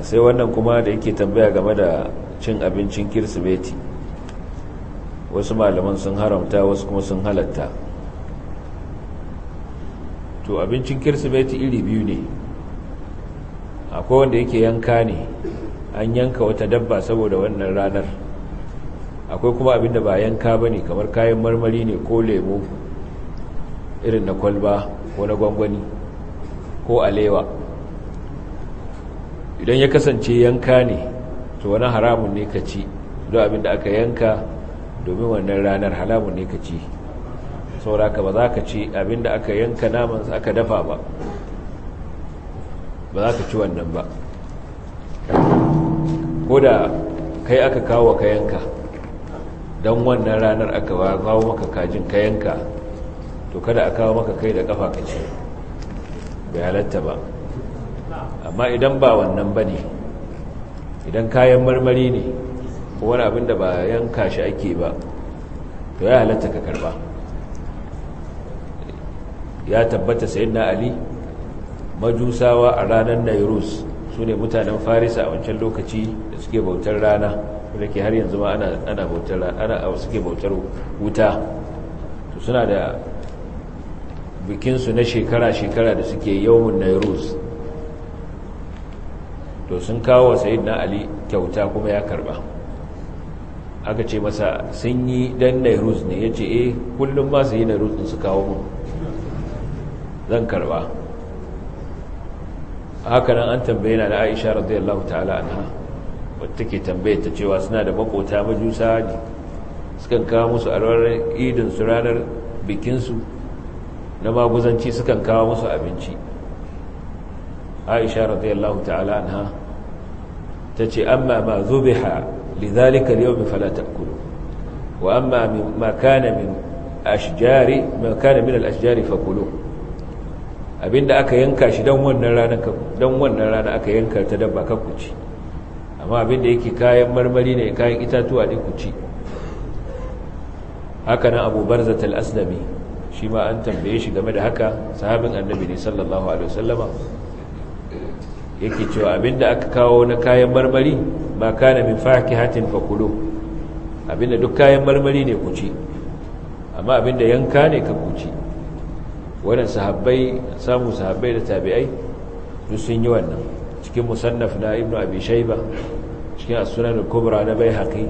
sai wannan kuma da yake tambaya game da cin abincin kirsimeti wasu malaman sun haramta wasu kuma sun halatta to abincin kirsimeti iri biyu ne akwai wanda yake yanka ne an yanka wata dabba saboda wannan ranar akwai kuma abinda ba yanka ba ne kamar kayan marmari ne ko lemo irin na kwalba ko na gwangwani ko alewa idan ya kasance yanka ne to wani haramun ne ka ci don abin da aka yanka domin wannan ranar halamun ne ka ci sauraka ba za ka ci abin da aka yanka naman aka dafa ba ba za ka ci wannan ba ko da kai aka kawo ka yanka don wannan ranar aka kawo maka kajin ka yanka to kada a kawo maka kai da kafa ka ce bai halatta ba amma idan ba wannan ba ne idan kayan marmari ne ko wani abin da ba yanka shi ake ba to ya halatta ka karba ya tabbata na ali majusawa a ranar nairus su ne mutanen farisa a wancan lokaci da suke bautar rana wadda ke har yanzu ma ana bautar rana a suke bautar wuta to suna da bikinsu na shekara-shekara da suke yawon nairus to sun kawo wa na ali kyauta kuma ya karba aka ce masa sun yi dan nairus ne ya ce eh kullum ma su yi nairus su kawo mu zan karba nan an tambaye na da aisha radiyallahu ta'ala anha wata ke tambaye ta cewa suna da makota majusa ne sukan kawo musu alwarar idin su ranar bikinsu na maguzanci sukan kawo musu abinci aisha radiyallahu ta'ala anha tace amma ma zubiha lidhalika al-yawm fala ta'kulu wa amma ma kana min ashjari ma kana min al-ashjari fakulu abinda aka yanka shi dan wannan rana dan wannan rana aka yanka ta dabba ka kuci amma abinda yake kayan marmari ne kayan itatuwa ne kuci haka nan Abu Barzat al-Aslami shi ma an tambaye shi game da haka sahabin annabi ne sallallahu alaihi wasallama yake cewa abinda aka kawo na kayan marmari ka na min fakihatin fakulu abinda duk kayan marmari ne ku ci amma abinda yanka ne ka ku ci wannan sahabbai sahabbai da tabi'ai duk sun yi wannan cikin musannaf na ibnu abi shayba cikin as kubra na baihaqi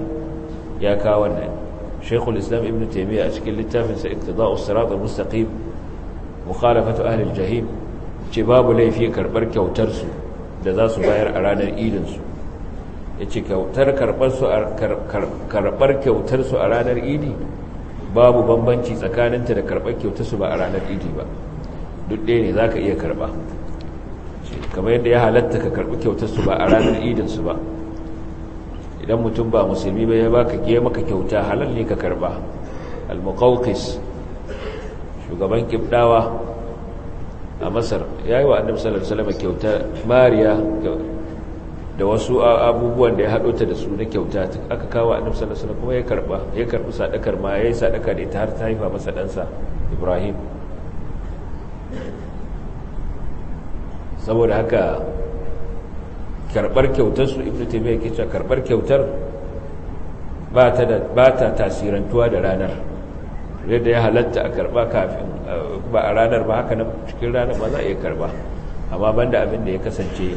ya kawo wannan shekul islam ibnu taimiyya a cikin littafin sa iqtida'us sirat al-mustaqim mukhalafatu ahli jahim ce babu laifi karɓar kyautar su da za su bayar a ranar idinsu ya ce karɓar kyautarsu a ranar idi babu bambanci tsakaninta da karɓar su ba a ranar idi ba duk ɗaya ne za ka iya karɓa kamar yadda ya halatta ka karɓi su ba a ranar idinsu ba idan mutum ba musulmi ba ya baka ke maka kyauta halal ne ka karɓa al-muqawqis shugaban kibdawa a masar ya yi wa annabi sallallahu alaihi wasallam kyauta mariya da wasu abubuwan da ya haɗo ta da su na kyauta aka kawo annabi sallallahu alaihi wasallam kuma ya karba ya karbi sadakar ma yayin sadaka da ita har ta haifa masa ɗansa ibrahim saboda haka karbar kyautar su ibnu taymiya yake cewa karbar kyautar ba ta tasirantuwa da ranar da ya halatta a karba kafin eh, ba a ranar ba haka na cikin ranar ba za a iya karba amma banda abin da ya kasance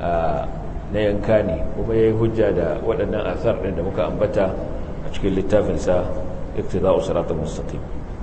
na yanka ne kuma ya yi hujja da waɗannan asar ɗin da muka ambata a cikin littafinsa za usara ta mustaqim